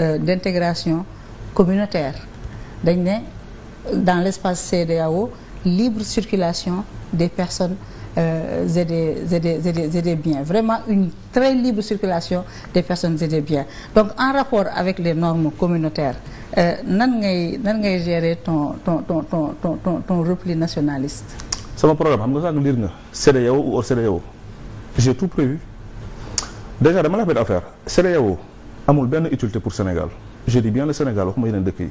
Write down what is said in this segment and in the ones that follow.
Euh, d'intégration communautaire dañ ne dans l'espace CEDEAO libre circulation des personnes Euh, et des, et des, et des, et des Vraiment une très libre circulation des personnes et des Donc en rapport avec les normes communautaires, euh, nan ngay nan ngay gérer ton ton ton ton ton ton, ton repli nationaliste. sama programme xam nga sànq lire nga CEDEAO ou hors CEDEAO j'ai tout prévu déjà dama la benn affaire CEDEAO amul benn utilité pour Sénégal je dis bien le Sénégal waxuma yeneen dëkk yi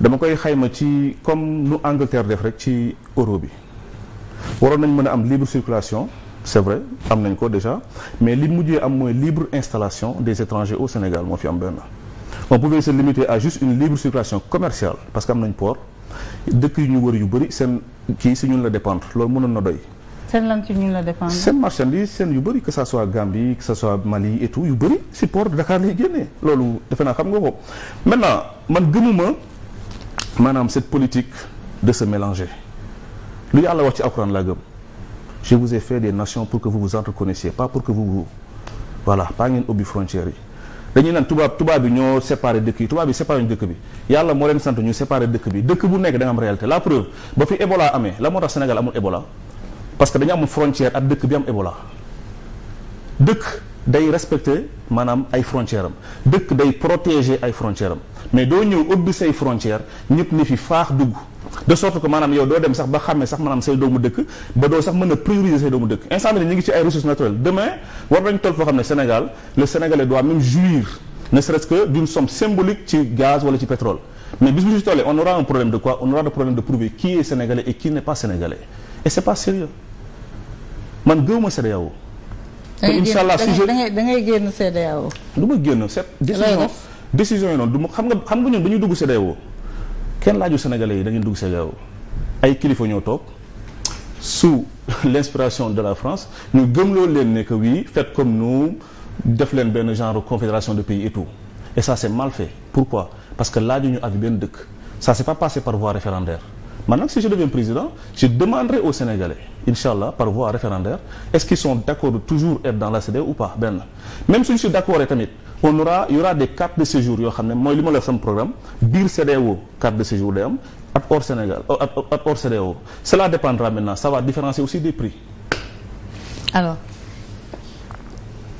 dama koy xayma ci comme nu Angleterre def rek ci euro bi waroon nañ mën a am libre circulation c'est vrai am nañ ko déjà mais li mujjee am mooy libre installation des étrangers au Sénégal moo fi am benn on pouvait se limiter à juste une libre circulation commerciale parce que am nañ port dëkk yu ñu wër yu bëri seen kii si ñun la dépendre loolu mënoon na doy seen lan ci ñun la dépendre. seen marchandise seen yu bëri que ça soit Gambie que ça soit Mali et tout yu bëri si Dakar lay génnee loolu defe naa xam nga ko maintenant man gëmuma maanaam cette politique de se mélanger lu yàlla wax ci alxuraan laa gëm je vous ai fait des nations pour que vous vous entreconnaissiez pas pour que vous voilà pas ngeen ubbi frontières yi. dañuy naan tubaab tubaab bi ñoo séparé dëkk yi tubaab bi séparé dëkk bi yàlla moo leen sant ñu séparé dëkk bi dëkk bu nekk da nga am réalité la preuve amee la moo tax Sénégal amul Ebola. parce que dañu am frontière ak dëkk bi am Ebola dëkk day respecter maanaam ay frontière dëkk day protéger ay frontière am mais doo ñëw ubbi say frontière ñëpp ni fi faax dugg de sorte que maanaam yow doo dem sax ba xàmmee sax maanaam say doomu dëkk ba doo sax mën a prioriser say doomu dëkk instant bi ñu ngi ci ay ressources naturelles demain war nañ toll foo xam ne Sénégal le Sénégalais doit même jouir ne serait-ce que d'une somme symbolique ci gaz wala man gëwuma CEDEAO. te incha allah si je da ngay génn CEDEAO. du ma génn cette décision décision yi noonu du ma xam nga xam nga ñun ñu dugg CEDEAO kenn laaju sénégalais yi da ngeen dugg CEDEAO ay kilifa ñoo toog sous l'inspiration de la France ñu gëmloo leen ne que oui faites comme nu def leen benn genre confédération de pays et tout et ça c'est mal fait pourquoi parce que laaju ñu avis benn dëkk ça s'est pas passé par voie référendaire. maintenant si je deviens président je demanderai aux Sénégalais incha allah par voie référendaire est-ce qu'ils sont d'accord de toujours être dans la CEDEAO ou pas benn même suñu si d'accord tamit on aura il aura des cartes de séjour yoo xam ne mooy li ma la sam programme biir CEDEAO carte de séjour day am ak hors Sénégal euh, ak hors CEDEAO cela dépendra maintenant ça va différencier aussi des prix alors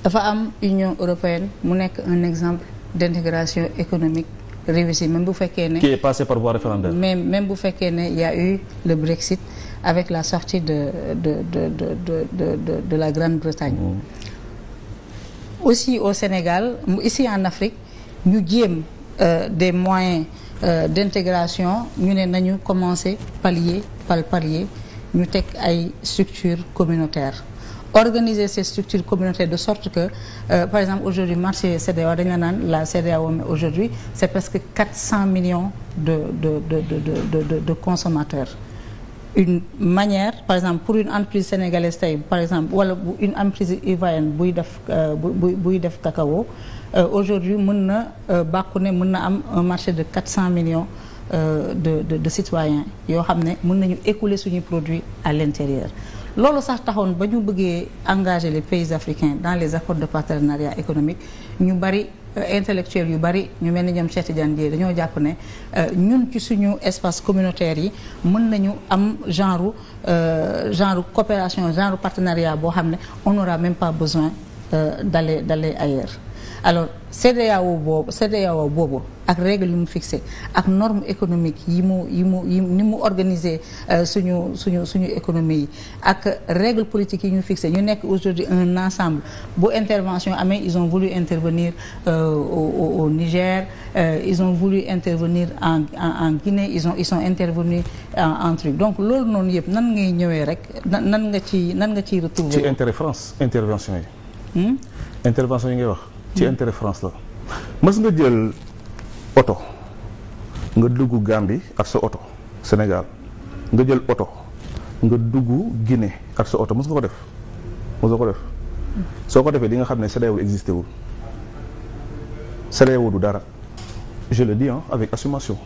dafa am Union européenne mu nekk un exemple d'intégration économique réussi même bu fekkee ne. qui est passé par voie référendaire. mais même bu fekkee ne y eu le Brexit avec la sortie de de de de de de de la Grande-Bretagne. Mmh. aussi au Sénégal ici en Afrique ñu jéem euh, des moyens euh, d'intégration ñu ne nañu commencer palier par palier ñu teg ay structures communautaire organiser ces structures communautaires de sorte que euh, par exemple aujourd'hui marché CEDEAO dañ la naan la CEDEAO mais aujourd'hui c'est presque quatre cent millions de de de de de de consommateurs une manière par exemple pour une entreprise sénégalaise tey par exemple wala bu une entreprise ivoirienne buy def euh, buy buy def cacao euh, aujourd'hui mën na bàkku ne mën na am un marché de quatre cent millions de de de citoyens yoo xam ne mën nañu écouler suñuy produits à l'intérieur loolu sax taxoon ba ñu bëggee engager les pays africains dans les accords de partenariat économique ñu bari euh, intellectuels yu bari ñu mel ni ñoom Cheikh Tidiane Dièye dañoo jàpp ne euh, ñun ci suñu espace communautaire yi mën nañu am genre euh, genre coopération genre partenariat boo xam ne on n'aura même pas besoin d'aller d'aller ailleurs alors CEDEAO boobu CEDEAO boobu ak règle yi mu fixé ak norme économique yi mu yi mu yi ni mu organiser euh, suñu suñu suñu économie yi ak règle politique yi ñu fixé ñu nekk aujourd'hui un ensemble bu intervention amee ils ont voulu intervenir euh, au, au, au Niger euh, intervenir en, en en Guinée ils ont ils sont en, en donc loolu noonu yëpp nan ngay ñëwee rek nan nga ci nan nga ciy retrouver ci intérêt France intervention yi hmm? intervention yi ngay wax ci intérêt France la mës nga jël oto nga dugg Gambie ak sa oto Sénégal nga jël oto nga dugg Guinée ak sa oto mës nga ko def mës nga ko def soo ko defee di nga xam ne CEDEAO existé wul CEDEAO du dara je le dis ah avec assumation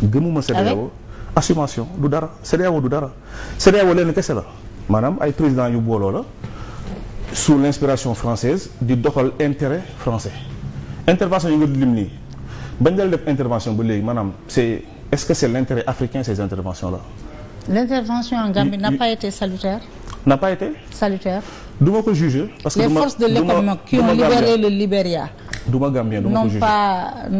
gëmuma CEDEAO assumation du dara CEDEAO du dara CEDEAO leen kese la maanaam ay président yu booloo la sous l'inspiration française di doxal intérêt français intervention yi nga lim nii bañ dal def intervention ba léegi maanaam c'est est-ce que c'est l'intérêt africain ces interventions là. l'intervention en Gambie n'a pas été salutaire. n'a pas du juger. parce que les forces de l'économie qui ont libéré le Libéria. ma Gambien du ma ko juger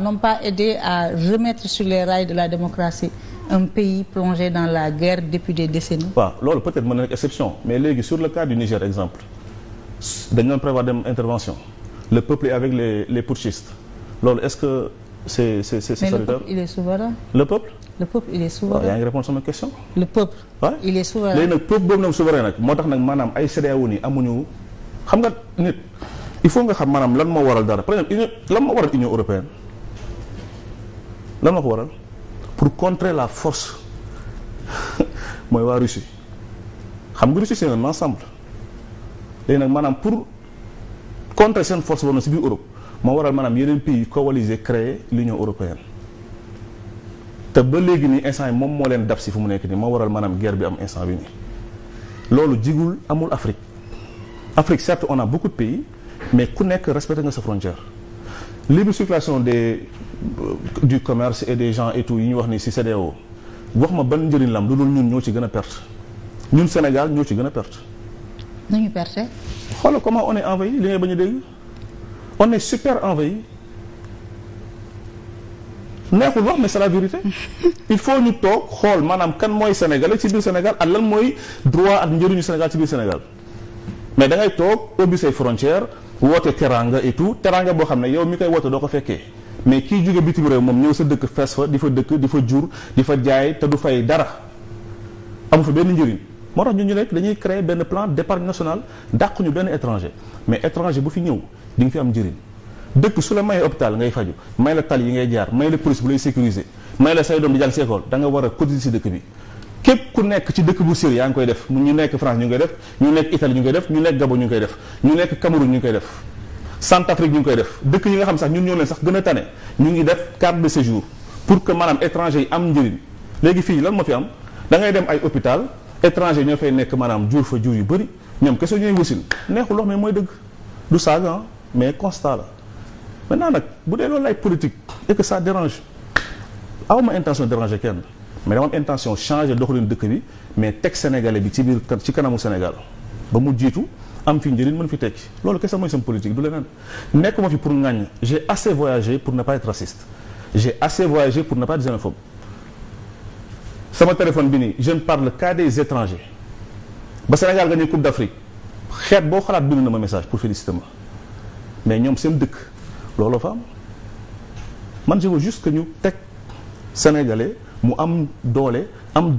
n'ont pas aidé à remettre sur les rails de la démocratie. un pays plongé dans la guerre depuis des décennies. waaw loolu peut-être mën na nekk exception mais léegi sur le cas du Niger exemple dañu doon prévoir dem intervention le peuple est avec les les putschistes loolu est-ce que c'est c'est c'est salutaire mais le peuple il est le peuple. il est souverain sama question. le peuple. il est souverain léegi nag peuple boobu nag souverain nag moo tax nag maanaam ay CEDEAO nii amuñu xam nga nit il faut nga xam maanaam lan moo waral dara par exemple union lan moo waral union ko waral. pour contrer la force mooy waa Russie xam nga Russie c'est un ensemble léegi nag maanaam pour contrer seen force boobu nag si biir Europe moo waral maanaam yeneen pays coalisé créé l'Union européenne te ba léegi nii instant yi moom moo leen dab si fu mu nekk nii moo waral manaam guerre bi am instant bi nii loolu jigul amul Afrique Afrique certes on a beaucoup de pays mais ku nekk respecté nga sa frontière libre circulation des du commerce et des gens et yi ñu wax ni ci CEDEAO wax ma ban njëriñ lam lu dul ñun ñoo ci gën a perte ñun Sénégal ñoo ci gën a perte. nañu perte. comment on est envahi li ngay bañ a dégg on est super envahi neexul wax mais c'est il faut ñu toog xool maanaam kan mooy sénégalais ci biir Sénégal ak lan mooy droit ak njëriñu Sénégal ci biir Sénégal mais dangay ngay toog ubbi say frontières woote teraanga et tout boo xam ne yow mi koy woote doo ko fekkee. mais kiy jóge bitim réew moom ñëw sa dëkk fees fa di fa dëkk di fa jur di fa jaay te du fay dara amu fa benn njëriñ moo tax ñu ñu nekk dañuy créer benn plan d'épargne national dàq ñu benn étranger mais étranger bu fi ñëw di nga fi am njëriñ dëkk su la mayee hôpital ngay faju may la tali yi ngay jaar may la police bu lay sécuriser may la say doom di jàng si école da war a cotiser si dëkk bi képp ku nekk ci dëkk bu sérieux yaa ngi koy def ñu nekk France ñu ngi koy def ñu def ñu nekk Gabon ñu koy def ñu nekk Cameroun ñu koy def Centrafrique ñu ngi koy def dëkk yi nga xam sax ñun ñoo leen sax gën a tane ñu ngi def carte de séjour pour que maanaam étranger yi am njëriñ léegi fii lan ma fi am dangay ngay dem ay hôpital étranger ñoo fay nekk maanaam jur fa jur yu bëri ñoom kese ñooy wasin neexul wax mais mooy dëgg du saaga mais constat la maintenant nag bu dee loolu ay politique et que ça dérange aw ma intention déranger kenn mais dama am intention changer doxalin dëkk bi mais teg sénégalais bi ci biir ci kanamu Sénégal jiitu am fi njëriñ mën fi tekki loolu kese mooy sama politique du leneen nekkuma fi pour ŋàññ j'ai assez voyagé pour ne pas être raciste j'ai assez voyagé pour ne pas être xénophobe sama téléphone bi nii je ne parle qu'à des étrangers ba Sénégal gagné Coupe d'Afrique xeet boo xalaat bind na ma message pour féliciter ma mais ñoom seen dëkk looloo fa man je veux juste que ñu teg sénégalais mu am doole am